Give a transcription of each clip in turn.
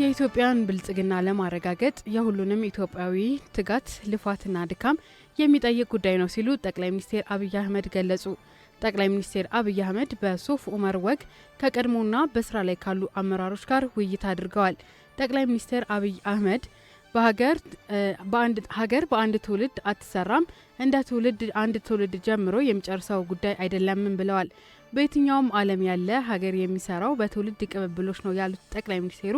የኢትዮጵያን ብልጽግና ለማረጋገጥ የሁሉንም ኢትዮጵያዊ ትጋት ልፋትና ድካም የሚጠይቅ ጉዳይ ነው ሲሉ ጠቅላይ ሚኒስትር አብይ አህመድ ገለጹ። ጠቅላይ ሚኒስትር አብይ አህመድ በሶፍ ኡመር ወግ ከቀድሞና በስራ ላይ ካሉ አመራሮች ጋር ውይይት አድርገዋል። ጠቅላይ ሚኒስትር አብይ አህመድ ሀገር በአንድ ትውልድ አትሰራም፣ እንደ ትውልድ አንድ ትውልድ ጀምሮ የሚጨርሰው ጉዳይ አይደለምም ብለዋል። በየትኛውም ዓለም ያለ ሀገር የሚሰራው በትውልድ ቅብብሎች ነው ያሉት ጠቅላይ ሚኒስትሩ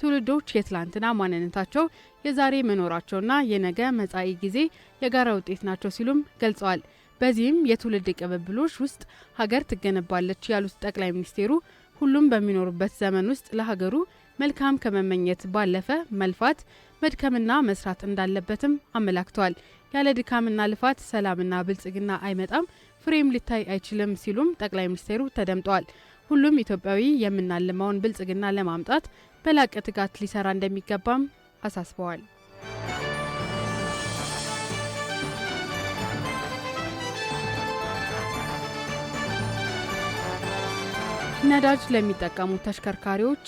ትውልዶች የትላንትና ማንነታቸው የዛሬ መኖራቸውና የነገ መጻኢ ጊዜ የጋራ ውጤት ናቸው ሲሉም ገልጸዋል። በዚህም የትውልድ ቅብብሎች ውስጥ ሀገር ትገነባለች ያሉት ጠቅላይ ሚኒስቴሩ ሁሉም በሚኖሩበት ዘመን ውስጥ ለሀገሩ መልካም ከመመኘት ባለፈ መልፋት መድከምና መስራት እንዳለበትም አመላክተዋል። ያለ ድካምና ልፋት ሰላምና ብልጽግና አይመጣም፣ ፍሬም ሊታይ አይችልም ሲሉም ጠቅላይ ሚኒስቴሩ ተደምጠዋል። ሁሉም ኢትዮጵያዊ የምናልመውን ብልጽግና ለማምጣት በላቀ ትጋት ሊሰራ እንደሚገባም አሳስበዋል። ነዳጅ ለሚጠቀሙ ተሽከርካሪዎች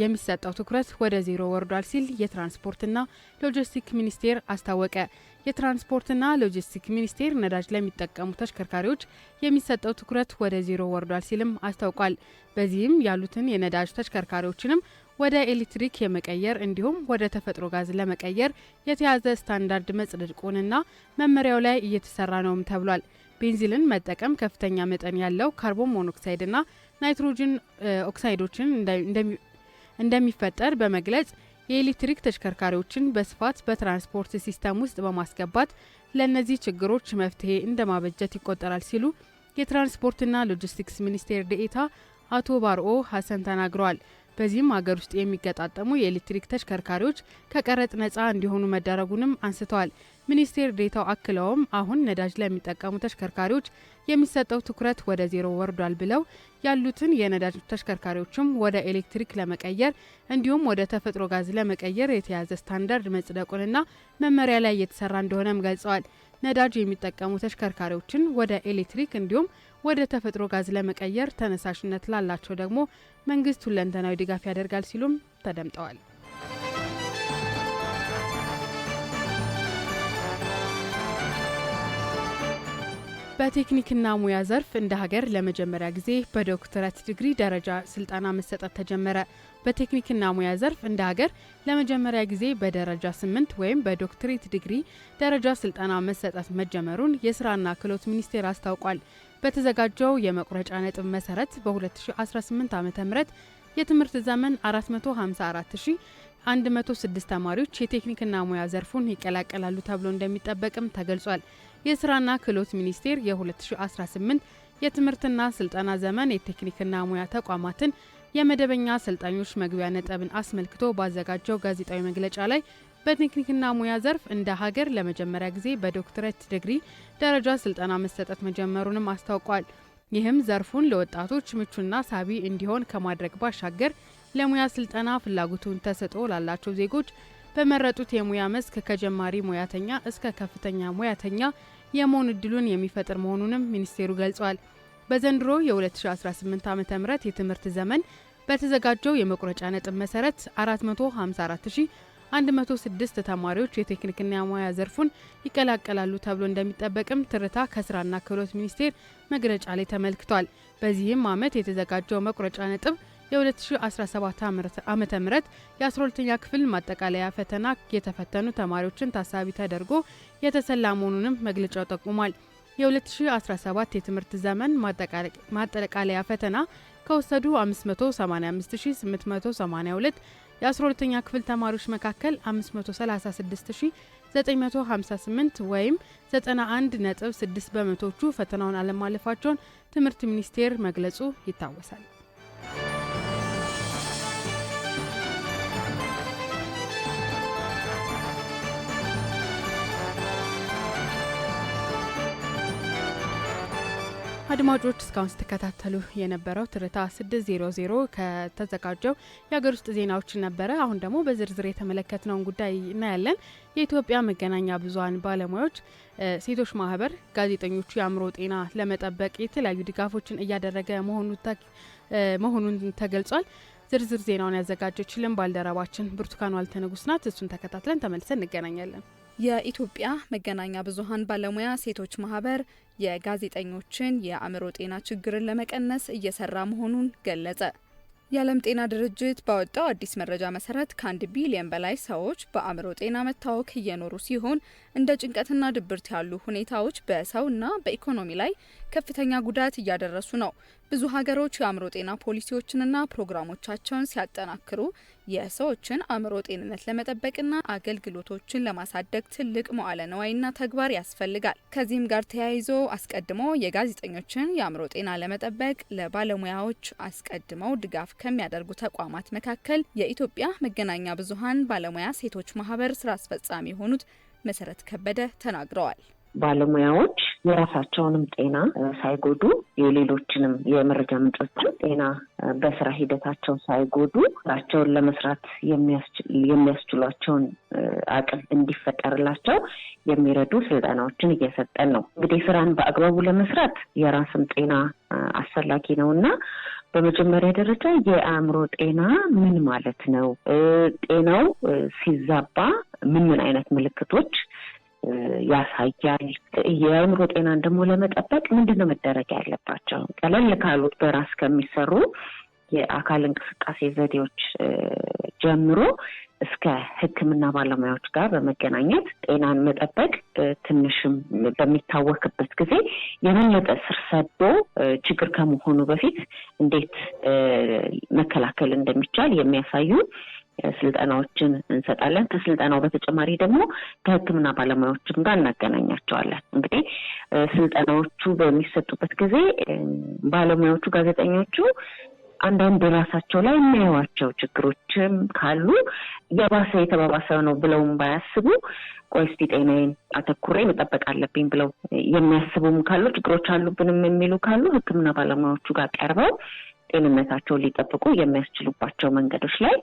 የሚሰጠው ትኩረት ወደ ዜሮ ወርዷል ሲል የትራንስፖርትና ሎጂስቲክ ሚኒስቴር አስታወቀ። የትራንስፖርትና ሎጂስቲክ ሚኒስቴር ነዳጅ ለሚጠቀሙ ተሽከርካሪዎች የሚሰጠው ትኩረት ወደ ዜሮ ወርዷል ሲልም አስታውቋል። በዚህም ያሉትን የነዳጅ ተሽከርካሪዎችንም ወደ ኤሌክትሪክ የመቀየር እንዲሁም ወደ ተፈጥሮ ጋዝ ለመቀየር የተያዘ ስታንዳርድ መጽደቁንና መመሪያው ላይ እየተሰራ ነውም ተብሏል። ቤንዚልን መጠቀም ከፍተኛ መጠን ያለው ካርቦን ሞኖክሳይድና ናይትሮጅን ኦክሳይዶችን እንደሚፈጠር በመግለጽ የኤሌክትሪክ ተሽከርካሪዎችን በስፋት በትራንስፖርት ሲስተም ውስጥ በማስገባት ለእነዚህ ችግሮች መፍትሄ እንደማበጀት ይቆጠራል ሲሉ የትራንስፖርትና ሎጂስቲክስ ሚኒስቴር ዴኤታ አቶ ባርኦ ሀሰን ተናግረዋል። በዚህም ሀገር ውስጥ የሚገጣጠሙ የኤሌክትሪክ ተሽከርካሪዎች ከቀረጥ ነጻ እንዲሆኑ መደረጉንም አንስተዋል። ሚኒስቴር ዴታው አክለውም አሁን ነዳጅ ለሚጠቀሙ ተሽከርካሪዎች የሚሰጠው ትኩረት ወደ ዜሮ ወርዷል ብለው ያሉትን የነዳጅ ተሽከርካሪዎችም ወደ ኤሌክትሪክ ለመቀየር እንዲሁም ወደ ተፈጥሮ ጋዝ ለመቀየር የተያዘ ስታንዳርድ መጽደቁንና መመሪያ ላይ እየተሰራ እንደሆነም ገልጸዋል። ነዳጅ የሚጠቀሙ ተሽከርካሪዎችን ወደ ኤሌክትሪክ እንዲሁም ወደ ተፈጥሮ ጋዝ ለመቀየር ተነሳሽነት ላላቸው ደግሞ መንግስት ሁለንተናዊ ድጋፍ ያደርጋል ሲሉም ተደምጠዋል። በቴክኒክና ሙያ ዘርፍ እንደ ሀገር ለመጀመሪያ ጊዜ በዶክትሬት ዲግሪ ደረጃ ስልጠና መሰጠት ተጀመረ። በቴክኒክና ሙያ ዘርፍ እንደ ሀገር ለመጀመሪያ ጊዜ በደረጃ ስምንት ወይም በዶክትሬት ዲግሪ ደረጃ ስልጠና መሰጠት መጀመሩን የስራና ክህሎት ሚኒስቴር አስታውቋል። በተዘጋጀው የመቁረጫ ነጥብ መሰረት በ2018 ዓ ም የትምህርት ዘመን 454106 ተማሪዎች የቴክኒክና ሙያ ዘርፉን ይቀላቀላሉ ተብሎ እንደሚጠበቅም ተገልጿል። የስራና ክህሎት ሚኒስቴር የ2018 የትምህርትና ስልጠና ዘመን የቴክኒክና ሙያ ተቋማትን የመደበኛ አሰልጣኞች መግቢያ ነጥብን አስመልክቶ ባዘጋጀው ጋዜጣዊ መግለጫ ላይ በቴክኒክና ሙያ ዘርፍ እንደ ሀገር ለመጀመሪያ ጊዜ በዶክትሬት ዲግሪ ደረጃ ስልጠና መሰጠት መጀመሩንም አስታውቋል። ይህም ዘርፉን ለወጣቶች ምቹና ሳቢ እንዲሆን ከማድረግ ባሻገር ለሙያ ስልጠና ፍላጎቱን ተሰጥኦ ላላቸው ዜጎች በመረጡት የሙያ መስክ ከጀማሪ ሙያተኛ እስከ ከፍተኛ ሙያተኛ የመሆን እድሉን የሚፈጥር መሆኑንም ሚኒስቴሩ ገልጿል። በዘንድሮ የ2018 ዓ ም የትምህርት ዘመን በተዘጋጀው የመቁረጫ ነጥብ መሰረት 454 106 ተማሪዎች የቴክኒክና ሙያ ዘርፉን ይቀላቀላሉ ተብሎ እንደሚጠበቅም ትርታ ከስራና ክህሎት ሚኒስቴር መግለጫ ላይ ተመልክቷል። በዚህም ዓመት የተዘጋጀው መቁረጫ ነጥብ የ2017 ዓ ም የ12ኛ ክፍል ማጠቃለያ ፈተና የተፈተኑ ተማሪዎችን ታሳቢ ተደርጎ የተሰላ መሆኑንም መግለጫው ጠቁሟል። የ2017 የትምህርት ዘመን ማጠቃለያ ፈተና ከወሰዱ 585882 የ12ኛ ክፍል ተማሪዎች መካከል 536958 ወይም 91.6 በመቶቹ ፈተናውን አለማለፋቸውን ትምህርት ሚኒስቴር መግለጹ ይታወሳል። አድማጮች እስካሁን ስትከታተሉ የነበረው ትርታ 600 ከተዘጋጀው የሀገር ውስጥ ዜናዎች ነበረ። አሁን ደግሞ በዝርዝር የተመለከትነውን ጉዳይ እናያለን። የኢትዮጵያ መገናኛ ብዙኃን ባለሙያዎች ሴቶች ማህበር ጋዜጠኞቹ የአእምሮ ጤና ለመጠበቅ የተለያዩ ድጋፎችን እያደረገ መሆኑን ተገልጿል። ዝርዝር ዜናውን ያዘጋጀችልን ባልደረባችን ብርቱካን ዋልተንጉስ ናት። እሱን ተከታትለን ተመልሰን እንገናኛለን። የኢትዮጵያ መገናኛ ብዙኃን ባለሙያ ሴቶች ማህበር የጋዜጠኞችን የአእምሮ ጤና ችግርን ለመቀነስ እየሰራ መሆኑን ገለጸ። የዓለም ጤና ድርጅት ባወጣው አዲስ መረጃ መሰረት ከአንድ ቢሊዮን በላይ ሰዎች በአእምሮ ጤና መታወክ እየኖሩ ሲሆን እንደ ጭንቀትና ድብርት ያሉ ሁኔታዎች በሰውና በኢኮኖሚ ላይ ከፍተኛ ጉዳት እያደረሱ ነው። ብዙ ሀገሮች የአእምሮ ጤና ፖሊሲዎችንና ፕሮግራሞቻቸውን ሲያጠናክሩ የሰዎችን አእምሮ ጤንነት ለመጠበቅና አገልግሎቶችን ለማሳደግ ትልቅ መዋለ ነዋይና ተግባር ያስፈልጋል። ከዚህም ጋር ተያይዞ አስቀድሞ የጋዜጠኞችን የአእምሮ ጤና ለመጠበቅ ለባለሙያዎች አስቀድመው ድጋፍ ከሚያደርጉ ተቋማት መካከል የኢትዮጵያ መገናኛ ብዙሀን ባለሙያ ሴቶች ማህበር ስራ አስፈጻሚ የሆኑት መሰረት ከበደ ተናግረዋል። ባለሙያዎች የራሳቸውንም ጤና ሳይጎዱ የሌሎችንም የመረጃ ምንጮችን ጤና በስራ ሂደታቸው ሳይጎዱ ስራቸውን ለመስራት የሚያስችሏቸውን አቅም እንዲፈጠርላቸው የሚረዱ ስልጠናዎችን እየሰጠን ነው። እንግዲህ ስራን በአግባቡ ለመስራት የራስም ጤና አስፈላጊ ነው እና በመጀመሪያ ደረጃ የአእምሮ ጤና ምን ማለት ነው? ጤናው ሲዛባ ምን ምን አይነት ምልክቶች ያሳያል። የአእምሮ ጤናን ደግሞ ለመጠበቅ ምንድን ነው መደረግ ያለባቸው? ቀለል ካሉት በራስ ከሚሰሩ የአካል እንቅስቃሴ ዘዴዎች ጀምሮ እስከ ሕክምና ባለሙያዎች ጋር በመገናኘት ጤናን መጠበቅ ትንሽም በሚታወክበት ጊዜ የበለጠ ስር ሰዶ ችግር ከመሆኑ በፊት እንዴት መከላከል እንደሚቻል የሚያሳዩ ስልጠናዎችን እንሰጣለን። ከስልጠናው በተጨማሪ ደግሞ ከሕክምና ባለሙያዎችም ጋር እናገናኛቸዋለን። እንግዲህ ስልጠናዎቹ በሚሰጡበት ጊዜ ባለሙያዎቹ፣ ጋዜጠኞቹ አንዳንድ ራሳቸው ላይ የሚያዩዋቸው ችግሮችም ካሉ የባሰ የተባባሰ ነው ብለውም ባያስቡ ቆይ እስቲ ጤናዬን አተኩሬ መጠበቅ አለብኝ ብለው የሚያስቡም ካሉ ችግሮች አሉብንም የሚሉ ካሉ ሕክምና ባለሙያዎቹ ጋር ቀርበው ጤንነታቸውን ሊጠብቁ የሚያስችሉባቸው መንገዶች ላይ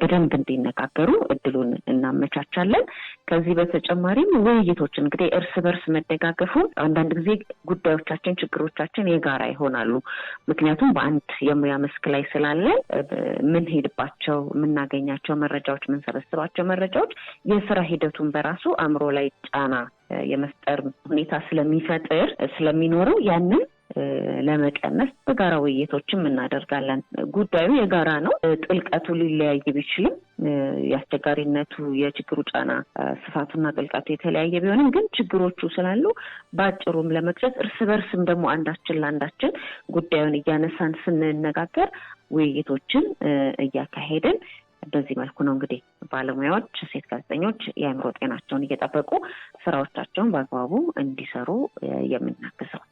በደንብ እንዲነጋገሩ እድሉን እናመቻቻለን። ከዚህ በተጨማሪም ውይይቶች እንግዲህ እርስ በርስ መደጋገፉ አንዳንድ ጊዜ ጉዳዮቻችን፣ ችግሮቻችን የጋራ ይሆናሉ። ምክንያቱም በአንድ የሙያ መስክ ላይ ስላለ የምንሄድባቸው፣ የምናገኛቸው መረጃዎች፣ የምንሰበስባቸው መረጃዎች የስራ ሂደቱን በራሱ አእምሮ ላይ ጫና የመፍጠር ሁኔታ ስለሚፈጥር ስለሚኖረው ያንን ለመቀነስ በጋራ ውይይቶችም እናደርጋለን። ጉዳዩ የጋራ ነው። ጥልቀቱ ሊለያይ ቢችልም የአስቸጋሪነቱ የችግሩ ጫና ስፋቱና ጥልቀቱ የተለያየ ቢሆንም ግን ችግሮቹ ስላሉ በአጭሩም ለመግጨት እርስ በርስም ደግሞ አንዳችን ለአንዳችን ጉዳዩን እያነሳን ስንነጋገር ውይይቶችን እያካሄድን በዚህ መልኩ ነው እንግዲህ ባለሙያዎች ሴት ጋዜጠኞች የአእምሮ ጤናቸውን እየጠበቁ ስራዎቻቸውን በአግባቡ እንዲሰሩ የምናግዘው።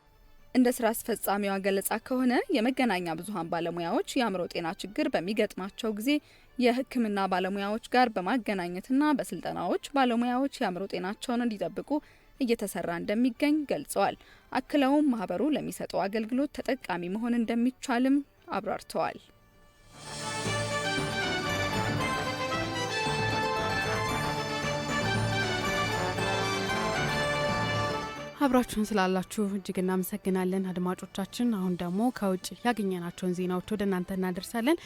እንደ ስራ አስፈጻሚዋ ገለጻ ከሆነ የመገናኛ ብዙሃን ባለሙያዎች የአእምሮ ጤና ችግር በሚገጥማቸው ጊዜ የሕክምና ባለሙያዎች ጋር በማገናኘትና በስልጠናዎች ባለሙያዎች የአእምሮ ጤናቸውን እንዲጠብቁ እየተሰራ እንደሚገኝ ገልጸዋል። አክለውም ማህበሩ ለሚሰጠው አገልግሎት ተጠቃሚ መሆን እንደሚቻልም አብራርተዋል። አብራችሁን ስላላችሁ እጅግ እናመሰግናለን አድማጮቻችን። አሁን ደግሞ ከውጭ ያገኘናቸውን ዜናዎች ወደ እናንተ እናደርሳለን።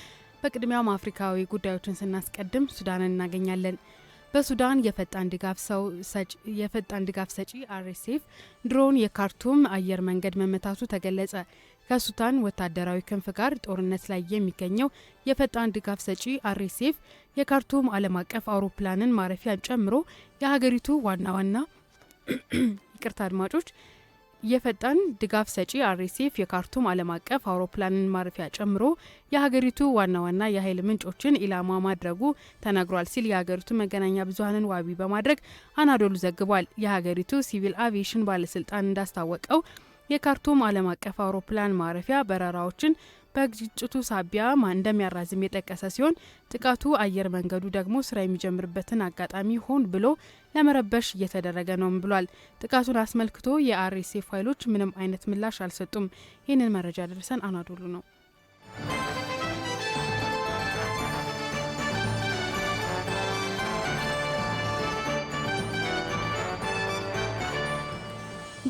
በቅድሚያም አፍሪካዊ ጉዳዮችን ስናስቀድም ሱዳንን እናገኛለን። በሱዳን የፈጣን ድጋፍ ሰው ሰጪ የፈጣን ድጋፍ ሰጪ አርኤስኤፍ ድሮን የካርቱም አየር መንገድ መመታቱ ተገለጸ። ከሱዳን ወታደራዊ ክንፍ ጋር ጦርነት ላይ የሚገኘው የፈጣን ድጋፍ ሰጪ አርኤስኤፍ የካርቱም ዓለም አቀፍ አውሮፕላንን ማረፊያን ጨምሮ የሀገሪቱ ዋና ዋና ይቅርታ አድማጮች የፈጣን ድጋፍ ሰጪ አርኤስኤፍ የካርቱም ዓለም አቀፍ አውሮፕላንን ማረፊያ ጨምሮ የሀገሪቱ ዋና ዋና የኃይል ምንጮችን ኢላማ ማድረጉ ተነግሯል ሲል የሀገሪቱ መገናኛ ብዙሀንን ዋቢ በማድረግ አናዶሉ ዘግቧል። የሀገሪቱ ሲቪል አቪዬሽን ባለስልጣን እንዳስታወቀው የካርቱም ዓለም አቀፍ አውሮፕላን ማረፊያ በረራዎችን በግጭቱ ሳቢያ እንደሚያራዝም የጠቀሰ ሲሆን ጥቃቱ አየር መንገዱ ደግሞ ስራ የሚጀምርበትን አጋጣሚ ሆን ብሎ ለመረበሽ እየተደረገ ነውም ብሏል። ጥቃቱን አስመልክቶ የአርኤስኤፍ ኃይሎች ምንም አይነት ምላሽ አልሰጡም። ይህንን መረጃ ደርሰን አናዶሉ ነው።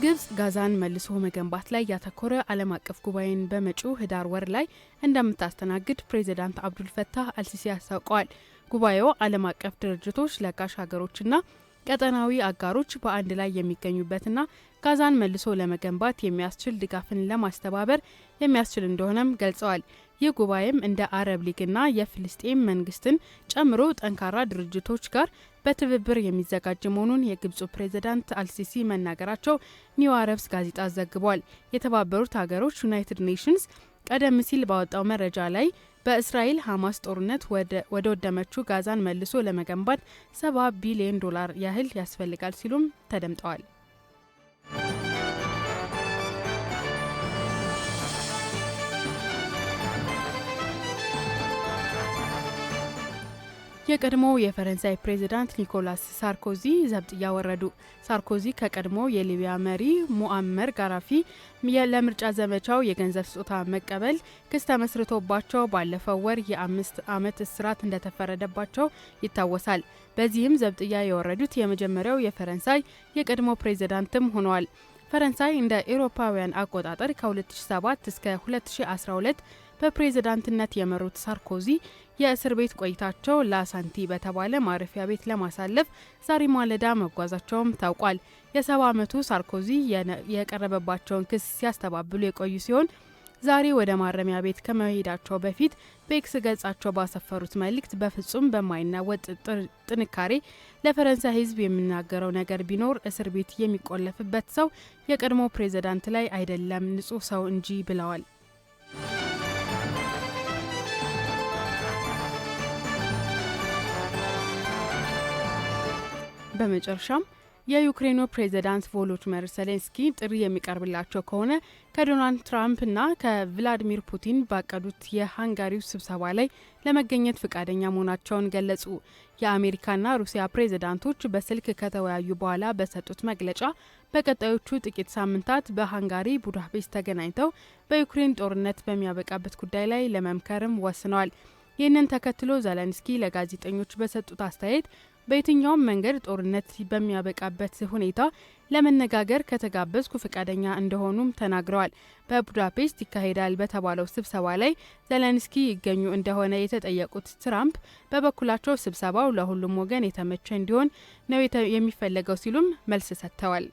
ግብጽ ጋዛን መልሶ መገንባት ላይ ያተኮረ ዓለም አቀፍ ጉባኤን በመጪው ህዳር ወር ላይ እንደምታስተናግድ ፕሬዚዳንት አብዱልፈታህ አልሲሲ አስታውቀዋል። ጉባኤው ዓለም አቀፍ ድርጅቶች፣ ለጋሽ ሀገሮችና ቀጠናዊ አጋሮች በአንድ ላይ የሚገኙበትና ጋዛን መልሶ ለመገንባት የሚያስችል ድጋፍን ለማስተባበር የሚያስችል እንደሆነም ገልጸዋል። ይህ ጉባኤም እንደ አረብ ሊግና የፍልስጤም መንግስትን ጨምሮ ጠንካራ ድርጅቶች ጋር በትብብር የሚዘጋጅ መሆኑን የግብፁ ፕሬዝዳንት አልሲሲ መናገራቸው ኒው አረብስ ጋዜጣ ዘግቧል። የተባበሩት ሀገሮች ዩናይትድ ኔሽንስ ቀደም ሲል ባወጣው መረጃ ላይ በእስራኤል ሐማስ ጦርነት ወደ ወደመችው ጋዛን መልሶ ለመገንባት ሰባ ቢሊዮን ዶላር ያህል ያስፈልጋል ሲሉም ተደምጠዋል። የቀድሞው የፈረንሳይ ፕሬዚዳንት ኒኮላስ ሳርኮዚ ዘብጥያ ወረዱ። ሳርኮዚ ከቀድሞ የሊቢያ መሪ ሙአመር ጋራፊ ለምርጫ ዘመቻው የገንዘብ ስጦታ መቀበል ክስ ተመስርቶባቸው ባለፈው ወር የአምስት ዓመት እስራት እንደተፈረደባቸው ይታወሳል። በዚህም ዘብጥያ የወረዱት የመጀመሪያው የፈረንሳይ የቀድሞ ፕሬዚዳንትም ሆነዋል። ፈረንሳይ እንደ ኤሮፓውያን አቆጣጠር ከ2007 እስከ 2012 በፕሬዝዳንትነት የመሩት ሳርኮዚ የእስር ቤት ቆይታቸው ላሳንቲ በተባለ ማረፊያ ቤት ለማሳለፍ ዛሬ ማለዳ መጓዛቸውም ታውቋል። የሰባ ዓመቱ ሳርኮዚ የቀረበባቸውን ክስ ሲያስተባብሉ የቆዩ ሲሆን ዛሬ ወደ ማረሚያ ቤት ከመሄዳቸው በፊት በኤክስ ገጻቸው ባሰፈሩት መልእክት በፍጹም በማይናወጥ ጥንካሬ ለፈረንሳይ ሕዝብ የምናገረው ነገር ቢኖር እስር ቤት የሚቆለፍበት ሰው የቀድሞ ፕሬዝዳንት ላይ አይደለም፣ ንጹህ ሰው እንጂ ብለዋል። በመጨረሻም የዩክሬኑ ፕሬዚዳንት ቮሎዲሚር ዘሌንስኪ ጥሪ የሚቀርብላቸው ከሆነ ከዶናልድ ትራምፕና ከቭላዲሚር ፑቲን ባቀዱት የሃንጋሪው ስብሰባ ላይ ለመገኘት ፈቃደኛ መሆናቸውን ገለጹ። የአሜሪካና ሩሲያ ፕሬዚዳንቶች በስልክ ከተወያዩ በኋላ በሰጡት መግለጫ በቀጣዮቹ ጥቂት ሳምንታት በሃንጋሪ ቡዳፔስት ተገናኝተው በዩክሬን ጦርነት በሚያበቃበት ጉዳይ ላይ ለመምከርም ወስነዋል። ይህንን ተከትሎ ዘለንስኪ ለጋዜጠኞች በሰጡት አስተያየት በየትኛውም መንገድ ጦርነት በሚያበቃበት ሁኔታ ለመነጋገር ከተጋበዝኩ ፈቃደኛ እንደሆኑም ተናግረዋል። በቡዳፔስት ይካሄዳል በተባለው ስብሰባ ላይ ዘለንስኪ ይገኙ እንደሆነ የተጠየቁት ትራምፕ በበኩላቸው ስብሰባው ለሁሉም ወገን የተመቸ እንዲሆን ነው የሚፈለገው ሲሉም መልስ ሰጥተዋል።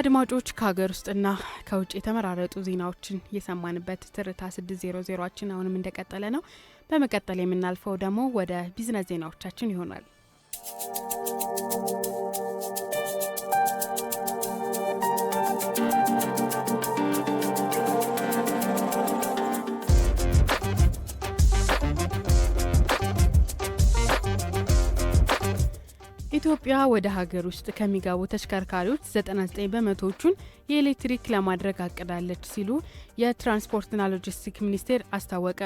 አድማጮች ከሀገር ውስጥና ከውጭ የተመራረጡ ዜናዎችን የሰማንበት ትርታ 600 ዜሮ ዜሮችን አሁንም እንደቀጠለ ነው። በመቀጠል የምናልፈው ደግሞ ወደ ቢዝነስ ዜናዎቻችን ይሆናል። ኢትዮጵያ ወደ ሀገር ውስጥ ከሚገቡ ተሽከርካሪዎች 99 በመቶዎቹን የኤሌክትሪክ ለማድረግ አቅዳለች ሲሉ የትራንስፖርትና ሎጂስቲክ ሚኒስቴር አስታወቀ።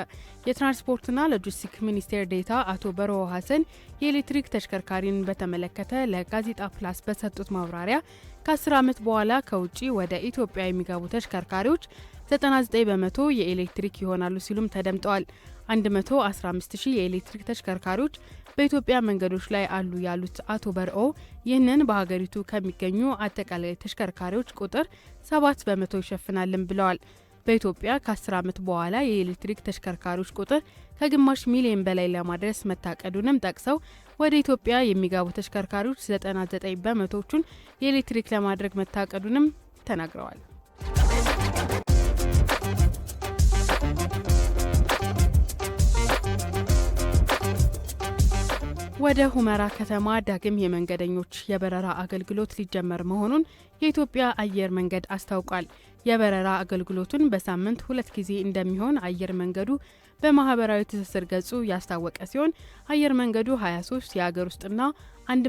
የትራንስፖርትና ሎጂስቲክ ሚኒስቴር ዴታ አቶ በረሆ ሀሰን የኤሌክትሪክ ተሽከርካሪን በተመለከተ ለጋዜጣ ፕላስ በሰጡት ማብራሪያ ከ10 ዓመት በኋላ ከውጭ ወደ ኢትዮጵያ የሚገቡ ተሽከርካሪዎች 99 በመቶ የኤሌክትሪክ ይሆናሉ ሲሉም ተደምጠዋል። 115 ሺህ የኤሌክትሪክ ተሽከርካሪዎች በኢትዮጵያ መንገዶች ላይ አሉ ያሉት አቶ በርኦ ይህንን በሀገሪቱ ከሚገኙ አጠቃላይ ተሽከርካሪዎች ቁጥር 7 በመቶ ይሸፍናልን ብለዋል። በኢትዮጵያ ከ10 ዓመት በኋላ የኤሌክትሪክ ተሽከርካሪዎች ቁጥር ከግማሽ ሚሊዮን በላይ ለማድረስ መታቀዱንም ጠቅሰው ወደ ኢትዮጵያ የሚገቡ ተሽከርካሪዎች 99 በመቶዎቹን የኤሌክትሪክ ለማድረግ መታቀዱንም ተናግረዋል። ወደ ሁመራ ከተማ ዳግም የመንገደኞች የበረራ አገልግሎት ሊጀመር መሆኑን የኢትዮጵያ አየር መንገድ አስታውቋል። የበረራ አገልግሎቱን በሳምንት ሁለት ጊዜ እንደሚሆን አየር መንገዱ በማህበራዊ ትስስር ገጹ ያስታወቀ ሲሆን አየር መንገዱ 23 የአገር ውስጥና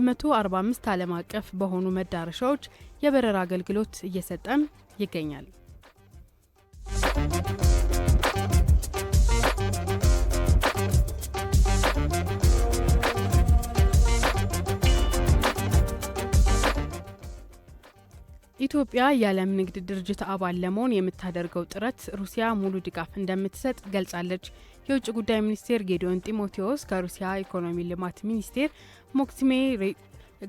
145 ዓለም አቀፍ በሆኑ መዳረሻዎች የበረራ አገልግሎት እየሰጠም ይገኛል። ኢትዮጵያ የዓለም ንግድ ድርጅት አባል ለመሆን የምታደርገው ጥረት ሩሲያ ሙሉ ድጋፍ እንደምትሰጥ ገልጻለች። የውጭ ጉዳይ ሚኒስቴር ጌዲዮን ጢሞቴዎስ ከሩሲያ ኢኮኖሚ ልማት ሚኒስቴር ሞክሲሜ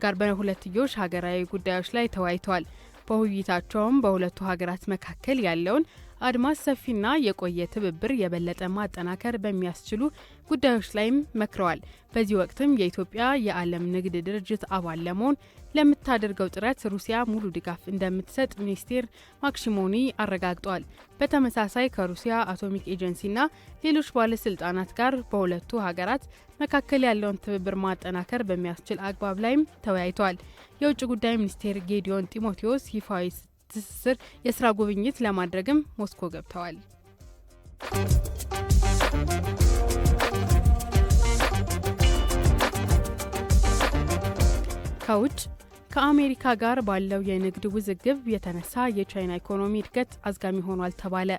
ጋር በሁለትዮሽ ሀገራዊ ጉዳዮች ላይ ተወያይተዋል። በውይይታቸውም በሁለቱ ሀገራት መካከል ያለውን አድማስ ሰፊና የቆየ ትብብር የበለጠ ማጠናከር በሚያስችሉ ጉዳዮች ላይም መክረዋል። በዚህ ወቅትም የኢትዮጵያ የዓለም ንግድ ድርጅት አባል ለመሆን ለምታደርገው ጥረት ሩሲያ ሙሉ ድጋፍ እንደምትሰጥ ሚኒስቴር ማክሲሞኒ አረጋግጧል። በተመሳሳይ ከሩሲያ አቶሚክ ኤጀንሲና ሌሎች ባለስልጣናት ጋር በሁለቱ ሀገራት መካከል ያለውን ትብብር ማጠናከር በሚያስችል አግባብ ላይም ተወያይተዋል። የውጭ ጉዳይ ሚኒስቴር ጌዲዮን ጢሞቴዎስ ይፋዊ ትስስር የስራ ጉብኝት ለማድረግም ሞስኮ ገብተዋል። ከውጭ ከአሜሪካ ጋር ባለው የንግድ ውዝግብ የተነሳ የቻይና ኢኮኖሚ እድገት አዝጋሚ ሆኗል ተባለ።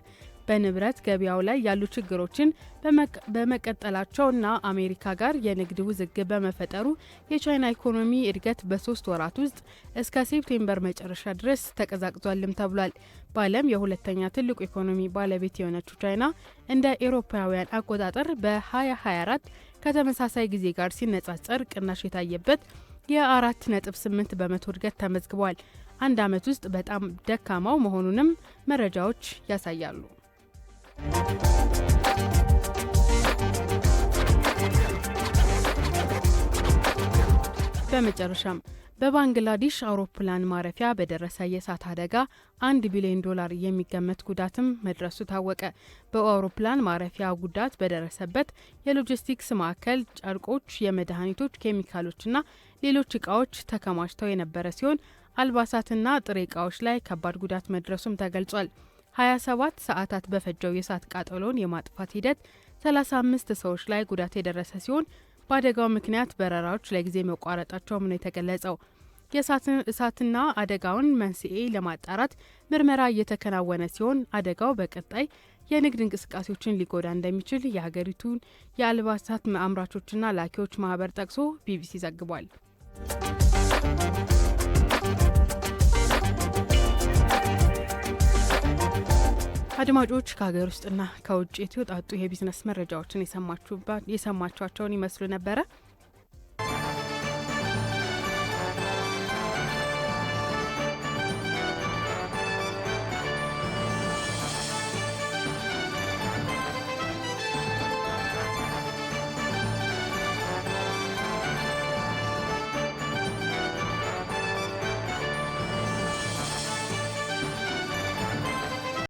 በንብረት ገበያው ላይ ያሉ ችግሮችን በመቀጠላቸውና አሜሪካ ጋር የንግድ ውዝግብ በመፈጠሩ የቻይና ኢኮኖሚ እድገት በሶስት ወራት ውስጥ እስከ ሴፕቴምበር መጨረሻ ድረስ ተቀዛቅዟልም ተብሏል። በዓለም የሁለተኛ ትልቁ ኢኮኖሚ ባለቤት የሆነችው ቻይና እንደ ኤሮፓውያን አቆጣጠር በ2024 ከተመሳሳይ ጊዜ ጋር ሲነጻጸር ቅናሽ የታየበት የአራት ነጥብ ስምንት በመቶ እድገት ተመዝግቧል። አንድ ዓመት ውስጥ በጣም ደካማው መሆኑንም መረጃዎች ያሳያሉ። በመጨረሻም በባንግላዴሽ አውሮፕላን ማረፊያ በደረሰ የእሳት አደጋ አንድ ቢሊዮን ዶላር የሚገመት ጉዳትም መድረሱ ታወቀ። በአውሮፕላን ማረፊያ ጉዳት በደረሰበት የሎጂስቲክስ ማዕከል ጨርቆች፣ የመድኃኒቶች፣ ኬሚካሎችና ሌሎች እቃዎች ተከማችተው የነበረ ሲሆን አልባሳትና ጥሬ እቃዎች ላይ ከባድ ጉዳት መድረሱም ተገልጿል። 27 ሰዓታት በፈጀው የእሳት ቃጠሎን የማጥፋት ሂደት 35 ሰዎች ላይ ጉዳት የደረሰ ሲሆን በአደጋው ምክንያት በረራዎች ለጊዜ መቋረጣቸውም ነው የተገለጸው። የእሳትና አደጋውን መንስኤ ለማጣራት ምርመራ እየተከናወነ ሲሆን አደጋው በቀጣይ የንግድ እንቅስቃሴዎችን ሊጎዳ እንደሚችል የሀገሪቱን የአልባሳት አምራቾችና ላኪዎች ማህበር ጠቅሶ ቢቢሲ ዘግቧል። አድማጮች ከሀገር ውስጥና ከውጭ የተወጣጡ የቢዝነስ መረጃዎችን የሰማችኋቸውን ይመስሉ ነበረ።